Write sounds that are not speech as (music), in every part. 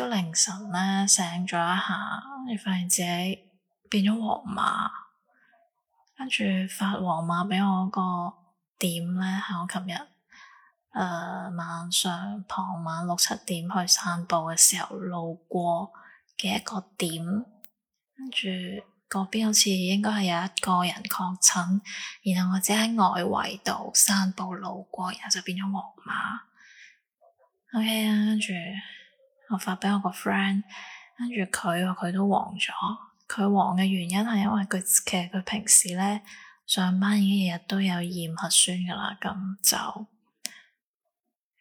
朝凌晨咧醒咗一下，跟住發現自己變咗黃碼，跟住發黃碼畀我個點咧，係我琴日誒晚上傍晚六七點去散步嘅時候路過嘅一個點，跟住嗰邊好似應該係有一個人確診，然後我只喺外圍度散步路過，然後就變咗黃碼。OK 啊，跟住。我發畀我個 friend，跟住佢話佢都黃咗。佢黃嘅原因係因為佢其實佢平時咧上班已經日日都有驗核酸噶啦，咁就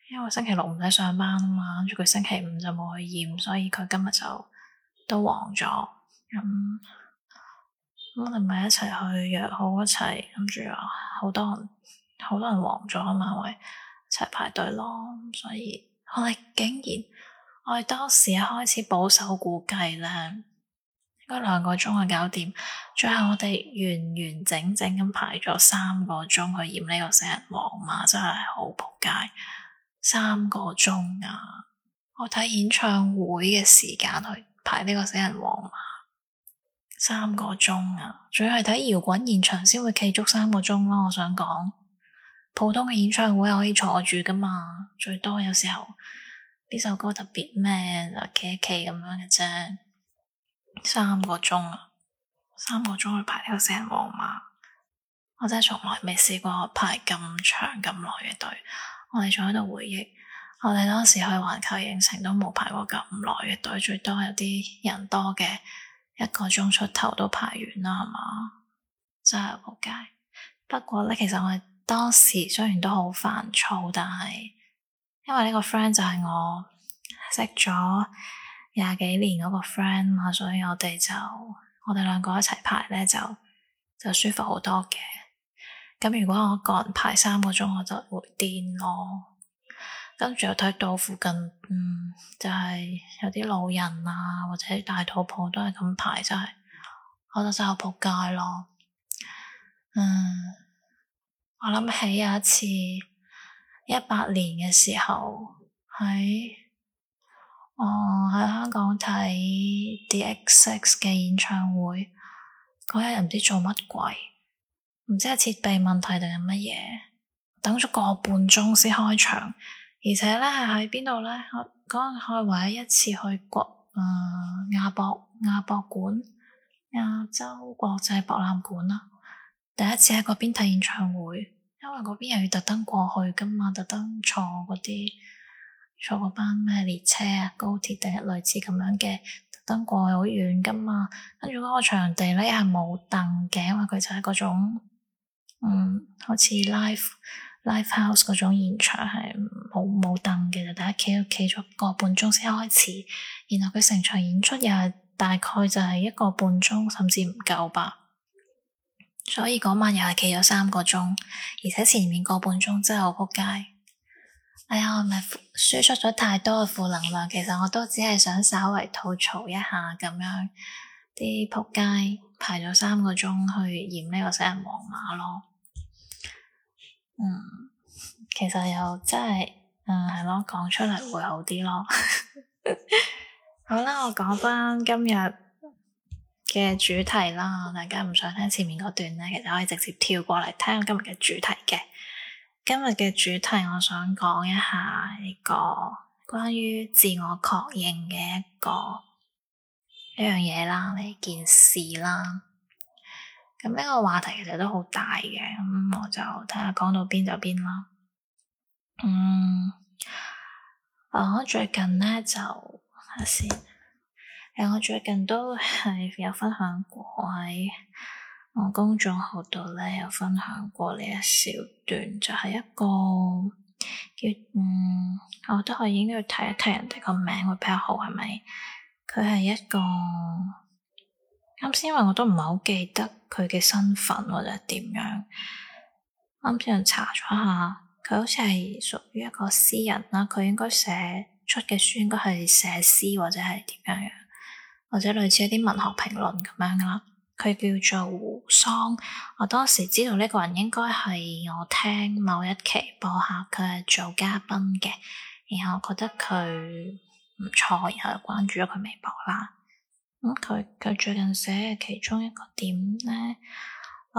因為星期六唔使上班啊嘛，跟住佢星期五就冇去驗，所以佢今日就都黃咗。咁我哋咪一齊去約好一齊，跟住好多人好多人黃咗啊嘛，我哋一齊排隊咯。所以我哋竟然～我哋當時啊，開始保守估計咧，應該兩個鐘啊搞掂。最後我哋完完整整咁排咗三個鐘去演呢個死人王嘛，真係好扑街！三個鐘啊，我睇演唱會嘅時間去排呢個死人王嘛，三個鐘啊，仲要係睇搖滾現場先會企足三個鐘咯、啊。我想講，普通嘅演唱會可以坐住噶嘛，最多有時候。呢首歌特別咩 a n 啊，企一企咁樣嘅啫，三個鐘啊，三個鐘去排呢個死人皇馬，我真係從來未試過排咁長咁耐嘅隊。我哋仲喺度回憶，我哋當時去環球影城都冇排過咁耐嘅隊，最多有啲人多嘅一個鐘出頭都排完啦，係嘛？真係扑街。不過咧，其實我哋當時雖然都好煩躁，但係。因為呢個 friend 就係我識咗廿幾年嗰個 friend 嘛，所以我哋就我哋兩個一齊排咧就就舒服好多嘅。咁如果我個人排三個鐘，我就會癲咯。跟住我睇到附近，嗯，就係有啲老人啊，或者大肚婆都係咁排，真係我都真係扑街咯。嗯，我諗起有一次，一八年嘅時候，喺香港睇 The XX 嘅演唱會，嗰日唔知做乜鬼，唔知係設備問題定係乜嘢，等咗個半鐘先開場，而且咧係喺邊度咧？呢我嗰日開唯一一次去國誒、呃、亞博亞博館、亞洲國際博覽館啦，第一次喺嗰邊睇演唱會。因為嗰邊又要特登過去噶嘛，特登坐嗰啲坐嗰班咩列車啊，高鐵定係類似咁樣嘅，特登過去好遠噶嘛。跟住嗰個場地咧又係冇凳嘅，因為佢就係嗰種，嗯，好似 live live house 嗰種現場係冇冇凳嘅，就大家企住企咗個半鐘先開始。然後佢成場演出又係大概就係一個半鐘，甚至唔夠吧。所以嗰晚又係企咗三個鐘，而且前面個半鐘真係好扑街。哎呀，我係咪輸出咗太多嘅負能量？其實我都只係想稍微吐槽一下咁樣，啲扑街排咗三個鐘去驗呢個死人黃碼咯。嗯，其實又真係，嗯，係咯，講出嚟會好啲咯。好啦，我講翻今日嘅主題啦，大家唔想聽前面嗰段咧，其實可以直接跳過嚟聽今日嘅主題嘅。今日嘅主題，我想講一下呢個關於自我確認嘅一個一樣嘢啦，呢件事啦。咁呢個話題其實都好大嘅，咁我就睇下講到邊就邊啦。嗯，我、啊、最近咧就，睇下先。但我最近都係有分享過喺我公眾號度咧，有分享過呢一小段，就係一個叫嗯，我都係應該要睇一睇人哋個名會比較好，係咪？佢係一個啱先，因為我都唔係好記得佢嘅身份或者點樣。啱先查咗下，佢好似係屬於一個詩人啦。佢應該寫出嘅書應該係寫詩或者係點樣樣。或者類似一啲文學評論咁樣啦，佢叫做胡桑。我當時知道呢個人應該係我聽某一期播客佢係做嘉賓嘅，然後覺得佢唔錯，然後就關注咗佢微博啦。咁佢佢最近寫嘅其中一個點咧，誒、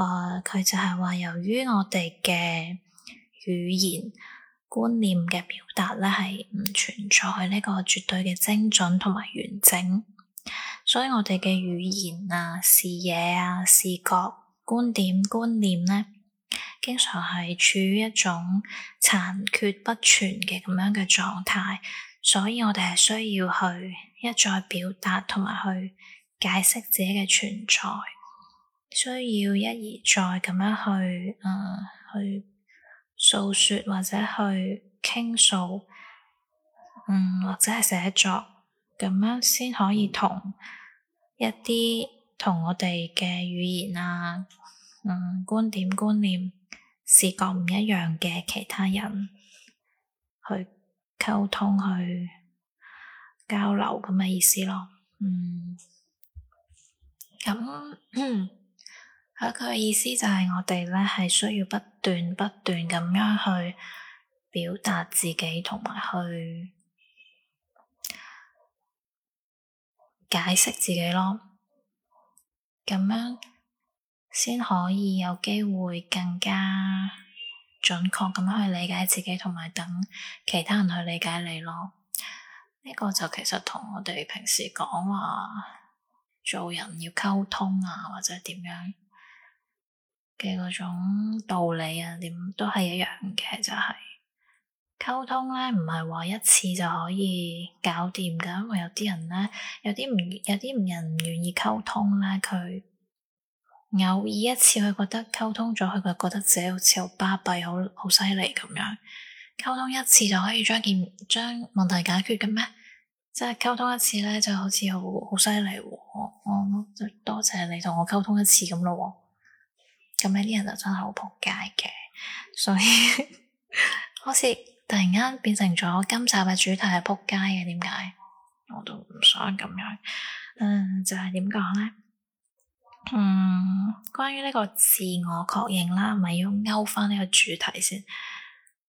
呃、佢就係話，由於我哋嘅語言觀念嘅表達咧，係唔存在呢個絕對嘅精準同埋完整。所以我哋嘅語言啊、視野啊、視覺、觀點、觀念咧，經常係處於一種殘缺不全嘅咁樣嘅狀態，所以我哋係需要去一再表達同埋去解釋自己嘅存在，需要一而再咁樣去，誒、呃，去訴說或者去傾訴，嗯，或者係寫作咁樣先可以同。一啲同我哋嘅語言啊，嗯，觀點觀念視覺唔一樣嘅其他人去溝通去交流咁嘅意思咯，嗯，咁佢佢嘅意思就係我哋咧係需要不斷不斷咁樣去表達自己同埋去。解釋自己咯，咁樣先可以有機會更加準確咁去理解自己，同埋等其他人去理解你咯。呢個就其實同我哋平時講話做人要溝通啊，或者點樣嘅嗰種道理啊，點都係一樣嘅，就是，就係。溝通咧，唔係話一次就可以搞掂噶，因為有啲人咧，有啲唔有啲唔人唔願意溝通咧，佢偶爾一次佢覺得溝通咗，佢就覺得自己好似好巴閉，好好犀利咁樣。溝通一次就可以將件將問題解決嘅咩？即係溝通一次咧，就好似好好犀利，我諗就多謝你同我溝通一次咁咯。咁呢啲人就真係好撲街嘅，所以 (laughs) 好似。突然間變成咗今集嘅主題係扑街嘅，點解？我都唔想咁樣。嗯、呃，就係點講咧？嗯，關於呢個自我確認啦，咪要勾返呢個主題先。呢、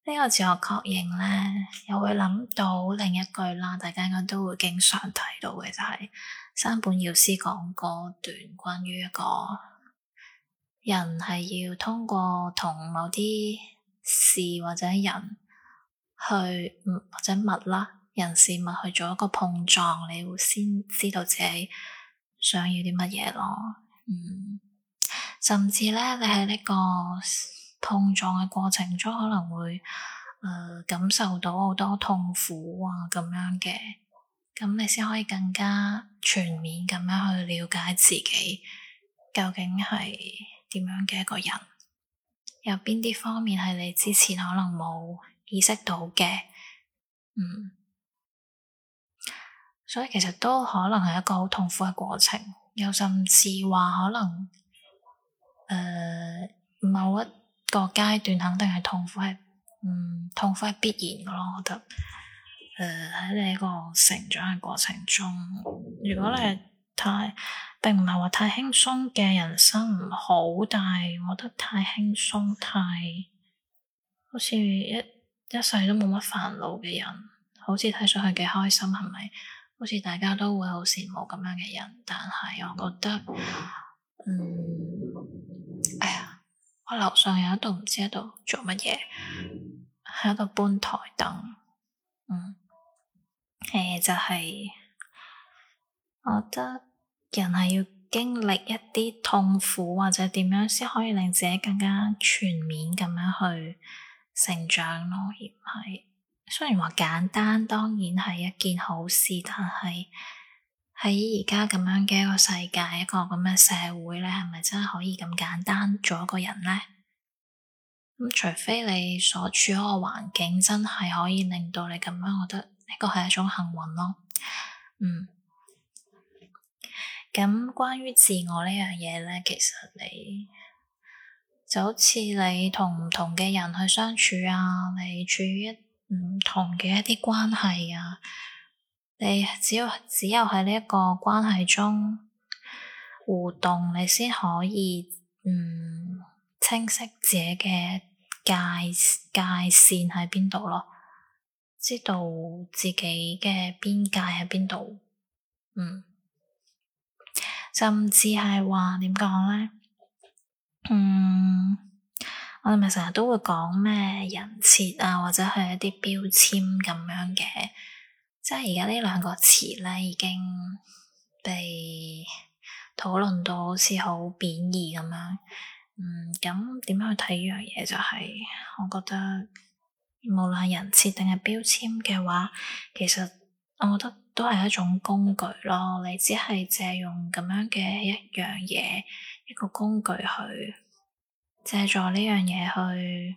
這個自我確認咧，又會諗到另一句啦。大家應該都會經常睇到嘅就係、是、山本耀司講嗰段關於一個人係要通過同某啲事或者人。去嗯，或者物啦，人、事、物去做一個碰撞，你會先知道自己想要啲乜嘢咯。嗯，甚至咧，你喺呢個碰撞嘅過程中，可能會誒、呃、感受到好多痛苦啊，咁樣嘅，咁你先可以更加全面咁樣去了解自己究竟係點樣嘅一個人，有邊啲方面係你之前可能冇。意識到嘅，嗯，所以其實都可能係一個好痛苦嘅過程，又甚至話可能，誒、呃、某一個階段肯定係痛苦係，嗯，痛苦係必然嘅咯。我覺得，誒、呃、喺你一個成長嘅過程中，如果你、嗯、太並唔係話太輕鬆嘅人生唔好，但係我覺得太輕鬆太好似一。一世都冇乜煩惱嘅人，好似睇上去幾開心，係咪？好似大家都會好羨慕咁樣嘅人，但係我覺得，嗯，哎呀，我樓上有一度唔知喺度做乜嘢，喺度搬台凳。嗯，誒、欸、就係、是，我覺得人係要經歷一啲痛苦或者點樣，先可以令自己更加全面咁樣去。成長咯，而唔係。雖然話簡單，當然係一件好事。但係喺而家咁樣嘅一個世界，一個咁嘅社會咧，係咪真係可以咁簡單做一個人咧？咁除非你所處嗰個環境真係可以令到你咁樣，我覺得呢個係一種幸運咯。嗯。咁關於自我呢樣嘢咧，其實你。就好似你同唔同嘅人去相處啊，你處於唔同嘅一啲關係啊，你只要只有喺呢一個關係中互動，你先可以嗯，清晰自己嘅界界線喺邊度咯，知道自己嘅邊界喺邊度，嗯，甚至係話點講咧？嗯，我哋咪成日都會講咩人設啊，或者係一啲標籤咁樣嘅，即係而家呢兩個詞咧已經被討論到好似好貶義咁樣。嗯，咁點樣去睇呢樣嘢就係、是，我覺得無論人設定係標籤嘅話，其實我覺得都係一種工具咯。你只係借用咁樣嘅一樣嘢。個工具去借助呢樣嘢去，誒、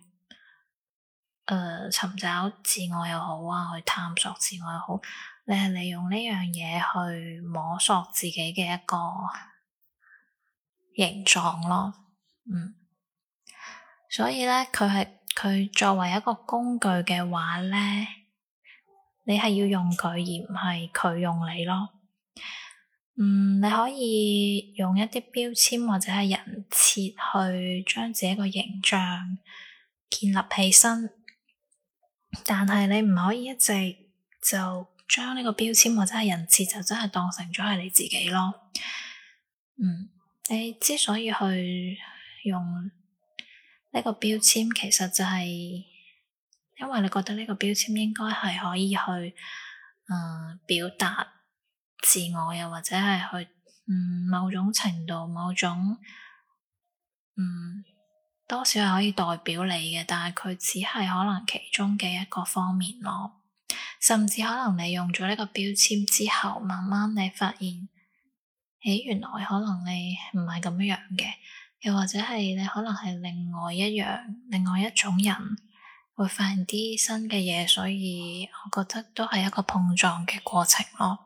呃、尋找自我又好啊，去探索自我又好。你係利用呢樣嘢去摸索自己嘅一個形狀咯，嗯。所以咧，佢係佢作為一個工具嘅話咧，你係要用佢而唔係佢用你咯。嗯，你可以用一啲標籤或者係人設去將自己個形象建立起身，但係你唔可以一直就將呢個標籤或者係人設就真係當成咗係你自己咯。嗯，你之所以去用呢個標籤，其實就係因為你覺得呢個標籤應該係可以去誒、嗯、表達。自我又或者係去嗯某種程度、某種嗯多少係可以代表你嘅，但係佢只係可能其中嘅一個方面咯。甚至可能你用咗呢個標籤之後，慢慢你發現，誒，原來可能你唔係咁樣樣嘅，又或者係你可能係另外一樣、另外一種人，會發現啲新嘅嘢，所以我覺得都係一個碰撞嘅過程咯。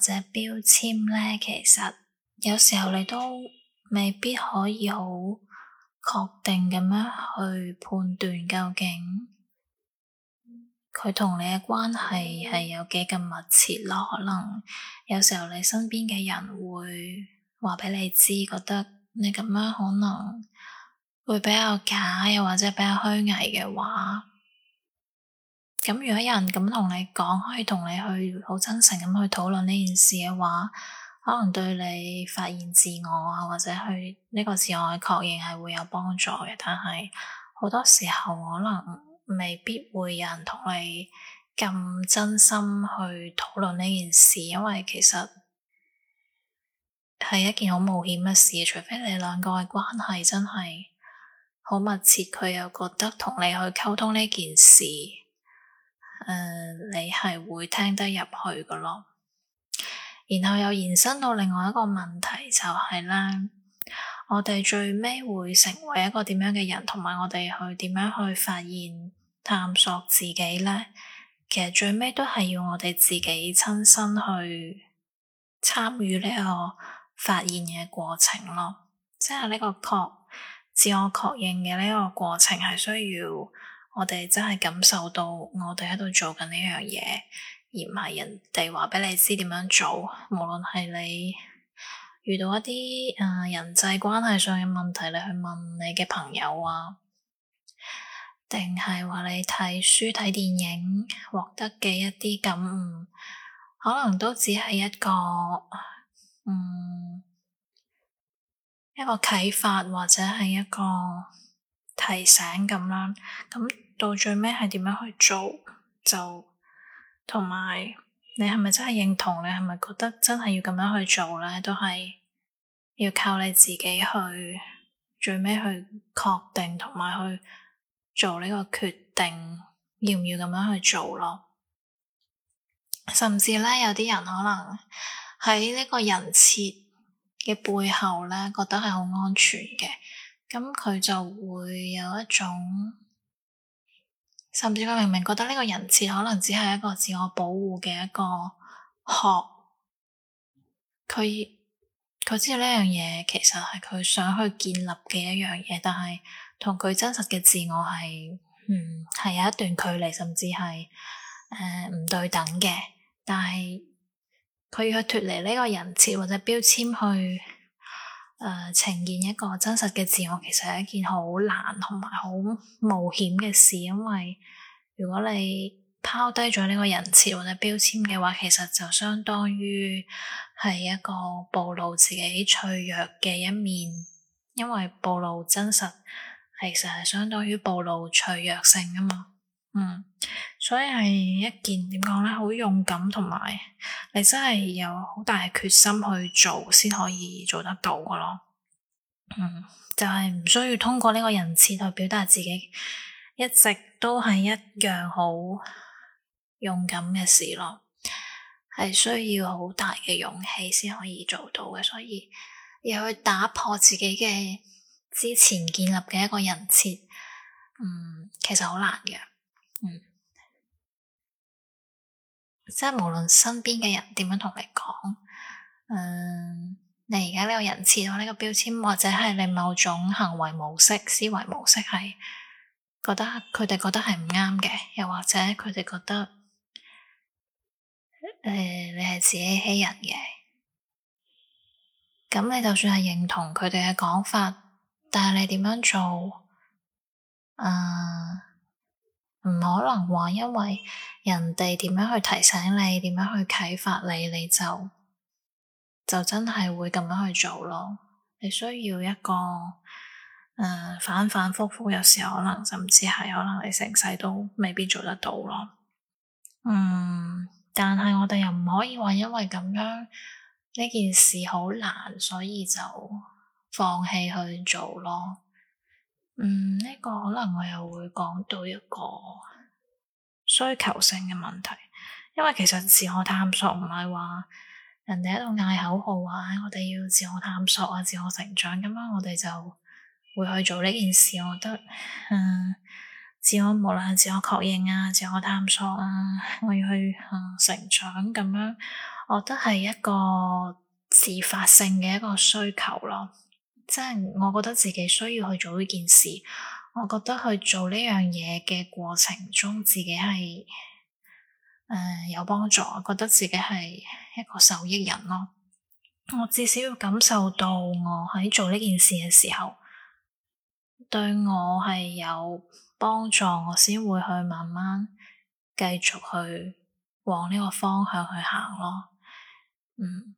或者標籤呢，其實有時候你都未必可以好確定咁樣去判斷究竟佢同你嘅關係係有幾咁密切咯。可能有時候你身邊嘅人會話畀你知，覺得你咁樣可能會比較假，又或者比較虛偽嘅話。咁如果有人咁同你講，可以同你去好真誠咁去討論呢件事嘅話，可能對你發現自我啊，或者去呢個自我嘅確認係會有幫助嘅。但係好多時候可能未必會有人同你咁真心去討論呢件事，因為其實係一件好冒險嘅事，除非你兩個嘅關係真係好密切，佢又覺得同你去溝通呢件事。誒，你係會聽得入去㗎咯，然後又延伸到另外一個問題就係啦，我哋最尾會成為一個點樣嘅人，同埋我哋去點樣去發現探索自己呢？其實最尾都係要我哋自己親身去參與呢個發現嘅過程咯，即係呢個確自我確認嘅呢個過程係需要。我哋真係感受到，我哋喺度做緊呢樣嘢，而唔係人哋話畀你知點樣做。無論係你遇到一啲、呃、人際關係上嘅問題，你去問你嘅朋友啊，定係話你睇書睇電影獲得嘅一啲感悟，可能都只係一個，嗯，一個啟發，或者係一個。提醒咁啦，咁到最尾係點樣去做，就同埋你係咪真係認同？你係咪覺得真係要咁樣去做咧？都係要靠你自己去最尾去確定同埋去做呢個決定，要唔要咁樣去做咯。甚至咧，有啲人可能喺呢個人設嘅背後咧，覺得係好安全嘅。咁佢就會有一種，甚至佢明明覺得呢個人設可能只係一個自我保護嘅一個殼，佢佢知道呢樣嘢其實係佢想去建立嘅一樣嘢，但係同佢真實嘅自我係，嗯係有一段距離，甚至係誒唔對等嘅。但係佢要去脱離呢個人設或者標籤去。誒、呃，呈現一個真實嘅自我，其實係一件好難同埋好冒險嘅事，因為如果你拋低咗呢個人設或者標籤嘅話，其實就相當於係一個暴露自己脆弱嘅一面，因為暴露真實其實係相當於暴露脆弱性㗎嘛，嗯。所以係一件點講咧，好勇敢同埋，你真係有好大嘅決心去做，先可以做得到噶咯。嗯，就係唔需要通過呢個人設去表達自己，一直都係一樣好勇敢嘅事咯，係需要好大嘅勇氣先可以做到嘅。所以，要去打破自己嘅之前建立嘅一個人設，嗯，其實好難嘅，嗯。即係無論身邊嘅人點樣同你講，嗯，你而家呢個人設呢個標籤，或者係你某種行為模式、思維模式，係覺得佢哋覺得係唔啱嘅，又或者佢哋覺得誒、呃，你係自欺欺人嘅，咁你就算係認同佢哋嘅講法，但係你點樣做，啊、嗯？唔可能話，因為人哋點樣去提醒你，點樣去啟發你，你就就真係會咁樣去做咯。你需要一個誒、呃、反反复复，有時候可能甚至係可能你成世都未必做得到咯。嗯，但係我哋又唔可以話，因為咁樣呢件事好難，所以就放棄去做咯。嗯，呢個可能我又會講到一個需求性嘅問題，因為其實自我探索唔係話人哋喺度嗌口號啊，我哋要自我探索啊，自我成長咁樣，我哋就會去做呢件事。我覺得，嗯，自我無論係自我確認啊、自我探索啊，我要去嗯成長咁樣，我都係一個自發性嘅一個需求咯。即係我覺得自己需要去做呢件事，我覺得去做呢樣嘢嘅過程中，自己係誒、呃、有幫助，我覺得自己係一個受益人咯。我至少要感受到我喺做呢件事嘅時候對我係有幫助，我先會去慢慢繼續去往呢個方向去行咯。嗯。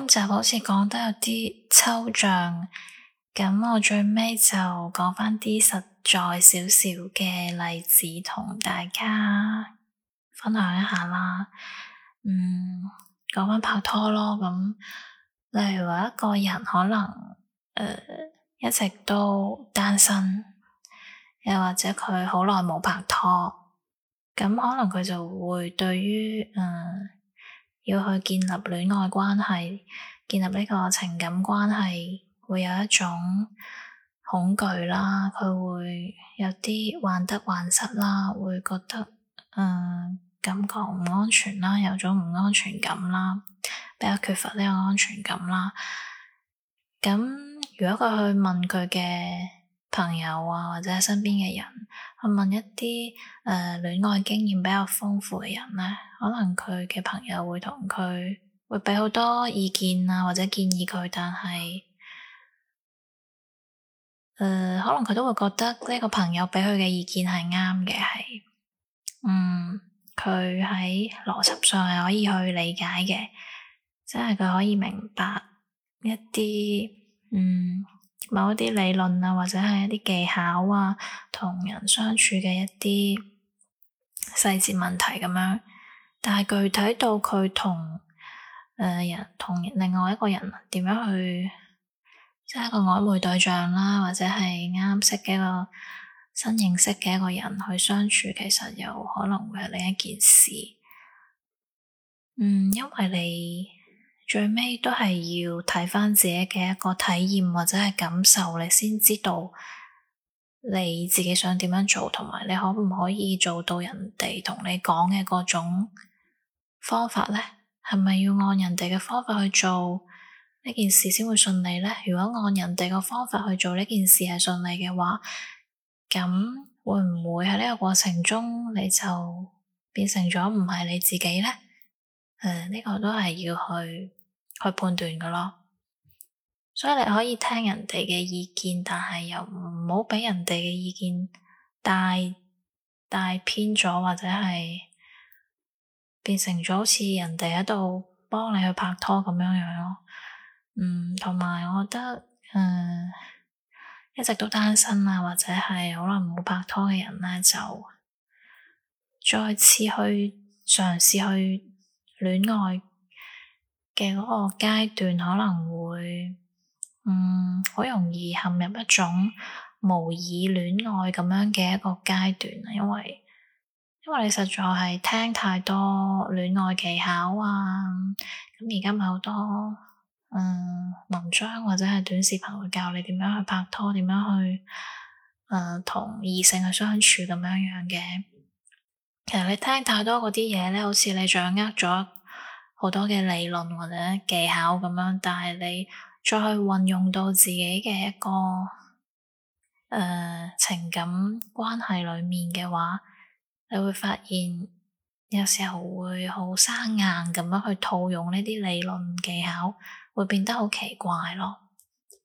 今集好似講得有啲抽象，咁我最尾就講翻啲實在少少嘅例子同大家分享一下啦。嗯，講翻拍拖咯，咁例如話一個人可能誒、呃、一直都單身，又或者佢好耐冇拍拖，咁可能佢就會對於誒。呃要去建立戀愛關係，建立呢個情感關係，會有一種恐懼啦，佢會有啲患得患失啦，會覺得誒、嗯、感覺唔安全啦，有種唔安全感啦，比較缺乏呢個安全感啦。咁如果佢去問佢嘅，朋友啊，或者身邊嘅人，去問一啲誒戀愛經驗比較豐富嘅人咧，可能佢嘅朋友會同佢，會俾好多意見啊或者建議佢，但係，誒、呃、可能佢都會覺得呢個朋友俾佢嘅意見係啱嘅，係，嗯，佢喺邏輯上係可以去理解嘅，即係佢可以明白一啲，嗯。某一啲理論啊，或者係一啲技巧啊，同人相處嘅一啲細節問題咁樣，但係具體到佢同誒人同另外一個人點樣去即係、就是、一個曖昧對象啦，或者係啱識嘅一個新認識嘅一個人去相處，其實有可能會係另一件事。嗯，因為你。最尾都係要睇翻自己嘅一個體驗或者係感受，你先知道你自己想點樣做，同埋你可唔可以做到人哋同你講嘅嗰種方法咧？係咪要按人哋嘅方法去做呢件事先會順利咧？如果按人哋嘅方法去做呢件事係順利嘅話，咁會唔會喺呢個過程中你就變成咗唔係你自己咧？誒、嗯，呢、呢個都係要去。去判斷噶咯，所以你可以聽人哋嘅意見，但係又唔好俾人哋嘅意見帶帶偏咗，或者係變成咗好似人哋喺度幫你去拍拖咁樣樣咯。嗯，同埋我覺得誒、嗯，一直都單身啊，或者係好耐冇拍拖嘅人咧，就再次去嘗試去戀愛。嘅嗰個階段可能會，嗯，好容易陷入一種模擬戀愛咁樣嘅一個階段啊，因為因為你實在係聽太多戀愛技巧啊，咁而家咪好多，嗯，文章或者係短視頻會教你點樣去拍拖，點樣去，誒，同異性去相處咁樣樣嘅。其實你聽太多嗰啲嘢咧，好似你掌握咗。好多嘅理論或者技巧咁樣，但係你再去運用到自己嘅一個誒、呃、情感關係裏面嘅話，你會發現有時候會好生硬咁樣去套用呢啲理論技巧，會變得好奇怪咯。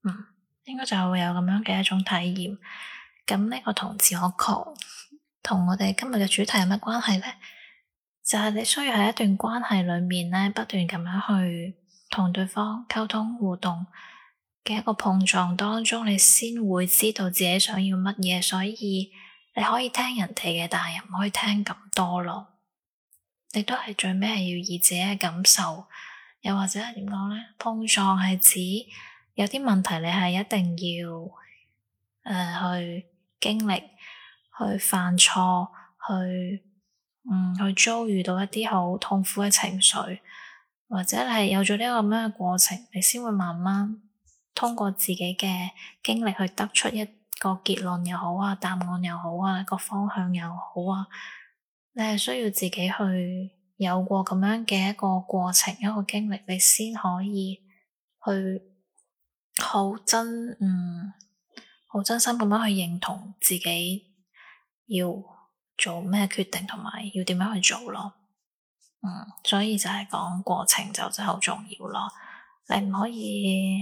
嗯，應該就會有咁樣嘅一種體驗。咁呢個同自我確同我哋今日嘅主題有乜關係咧？就係你需要喺一段關係裏面咧，不斷咁樣去同對方溝通互動嘅一個碰撞當中，你先會知道自己想要乜嘢。所以你可以聽人哋嘅，但係唔可以聽咁多咯。你都係最尾係要以自己嘅感受，又或者係點講咧？碰撞係指有啲問題你係一定要誒、呃、去經歷，去犯錯，去。嗯，去遭遇到一啲好痛苦嘅情緒，或者你係有咗呢個咁樣嘅過程，你先會慢慢通過自己嘅經歷去得出一個結論又好啊，答案又好啊，個方向又好啊，你係需要自己去有過咁樣嘅一個過程，一個經歷，你先可以去好真，嗯，好真心咁樣去認同自己要做咩決定同埋要點樣去做咯？嗯，所以就係講過程就真係好重要咯。你唔可以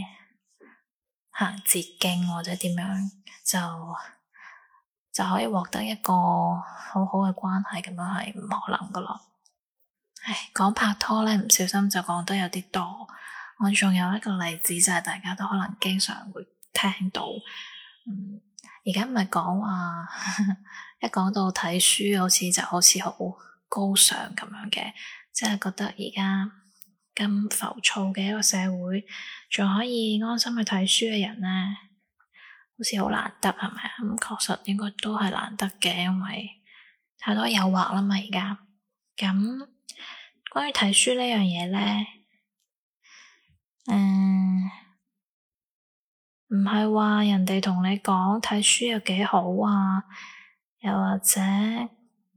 行捷徑或者點樣就就可以獲得一個好好嘅關係，咁樣係唔可能噶咯。唉，講拍拖咧，唔小心就講得有啲多。我仲有一個例子就係大家都可能經常會聽到，嗯，而家唔係講話。一講到睇書，好似就好似好高尚咁樣嘅，即係覺得而家咁浮躁嘅一個社會，仲可以安心去睇書嘅人咧，好似好難得，係咪啊？嗯、咁確實應該都係難得嘅，因為太多誘惑啦嘛。而家咁關於睇書呢樣嘢咧，誒、嗯，唔係話人哋同你講睇書又幾好啊？又或者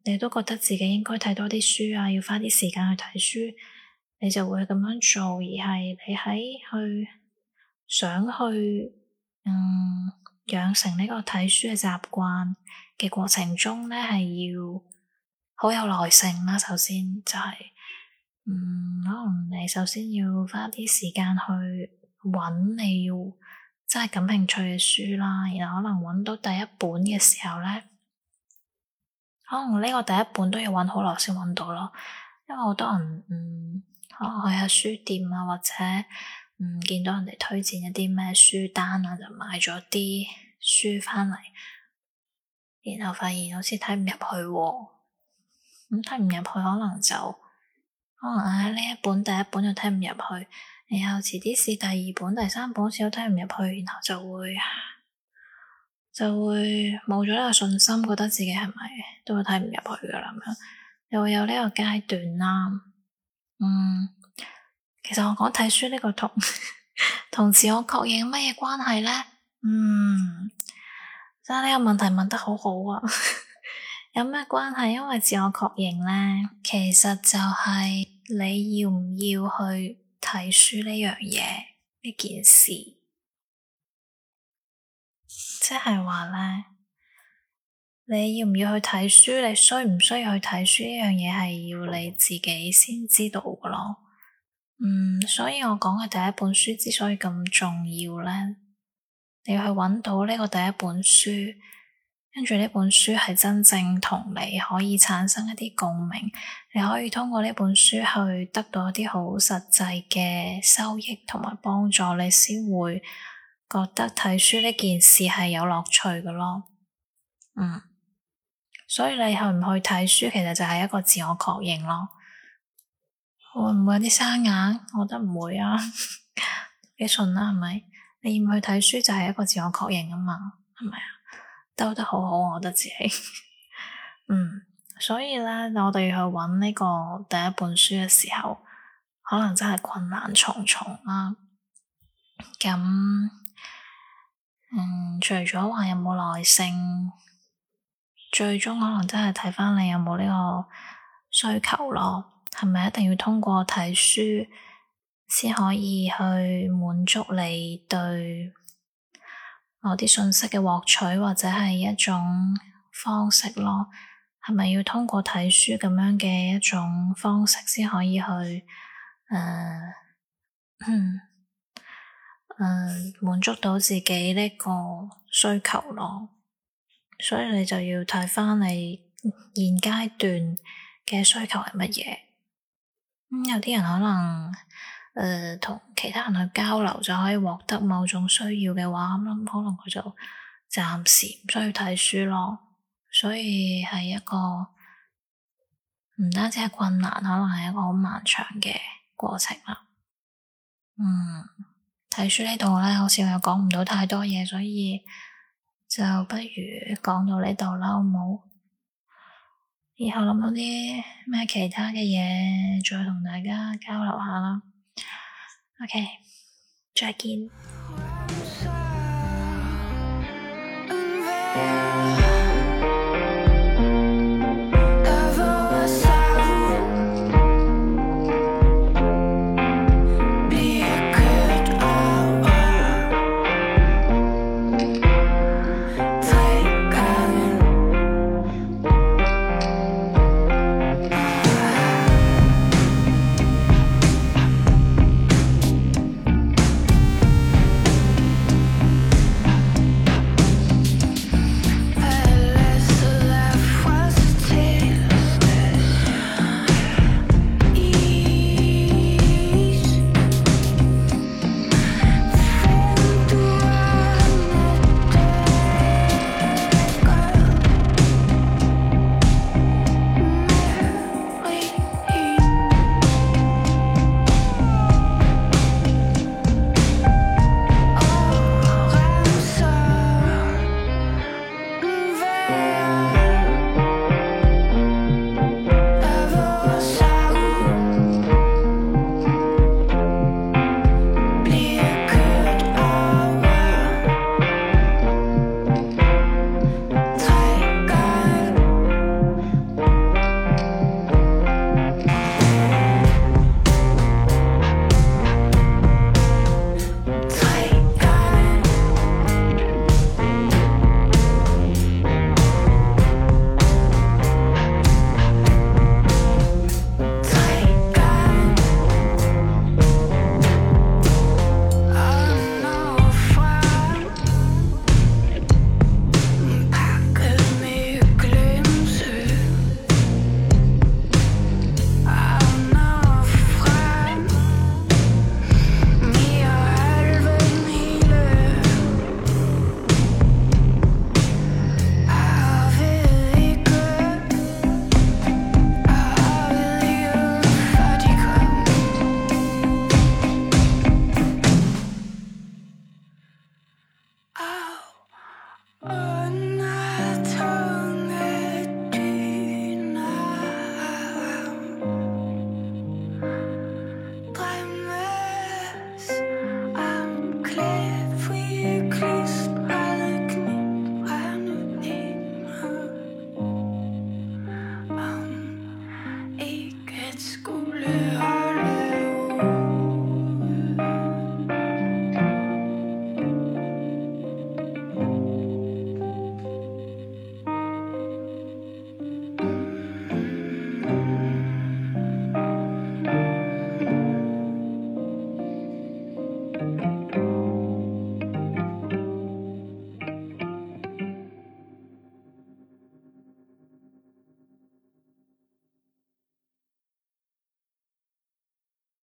你都覺得自己應該睇多啲書啊，要花啲時間去睇書，你就會咁樣做。而係你喺去想去嗯養成呢個睇書嘅習慣嘅過程中咧，係要好有耐性啦。首先就係、是、嗯可能你首先要花啲時間去揾你要真係感興趣嘅書啦，然後可能揾到第一本嘅時候咧。可能呢個第一本都要搵好耐先搵到咯，因為好多人唔去下書店啊，或者唔見到人哋推薦一啲咩書單啊，就買咗啲書翻嚟，然後發現好似睇唔入去、啊，咁睇唔入去可能就可能唉、啊、呢一本第一本就睇唔入去，然後遲啲試第二本、第三本，好似都睇唔入去，然後就會。就會冇咗呢個信心，覺得自己係咪都會睇唔入去噶啦咁樣，又會有呢個階段啦。嗯，其實我講睇書呢個同 (laughs) 同自我確認有乜嘢關係咧？嗯，真係呢個問題問得好好啊！ (laughs) 有咩關係？因為自我確認咧，其實就係你要唔要去睇書呢樣嘢呢件事。即係話咧，你要唔要去睇書？你需唔需要去睇書？呢樣嘢係要你自己先知道嘅咯。嗯，所以我講嘅第一本書之所以咁重要咧，你要去揾到呢個第一本書，跟住呢本書係真正同你可以產生一啲共鳴，你可以通過呢本書去得到一啲好實際嘅收益同埋幫助，你先會。覺得睇書呢件事係有樂趣嘅咯，嗯，所以你去唔去睇書，其實就係一個自我確認咯。會唔會有啲生硬？我覺得唔會啊，你信啦係咪？你唔去睇書就係一個自我確認啊嘛，係咪啊？兜得好好，我覺得自己， (laughs) 嗯，所以咧，我哋去搵呢個第一本書嘅時候，可能真係困難重重啦、啊，咁。嗯，除咗話有冇耐性，最終可能真係睇返你有冇呢個需求咯，係咪一定要通過睇書先可以去滿足你對某啲信息嘅獲取，或者係一種方式咯？係咪要通過睇書咁樣嘅一種方式先可以去誒？呃誒，嗯，滿足到自己呢個需求咯，所以你就要睇返你現階段嘅需求係乜嘢。有啲人可能誒，同、呃、其他人去交流就可以獲得某種需要嘅話，咁可能佢就暫時唔需要睇書咯。所以係一個唔單止係困難，可能係一個好漫長嘅過程啦。嗯。睇書呢度咧，好似又講唔到太多嘢，所以就不如講到呢度啦，好唔好？以後諗到啲咩其他嘅嘢，再同大家交流下啦。OK，再見。 (music)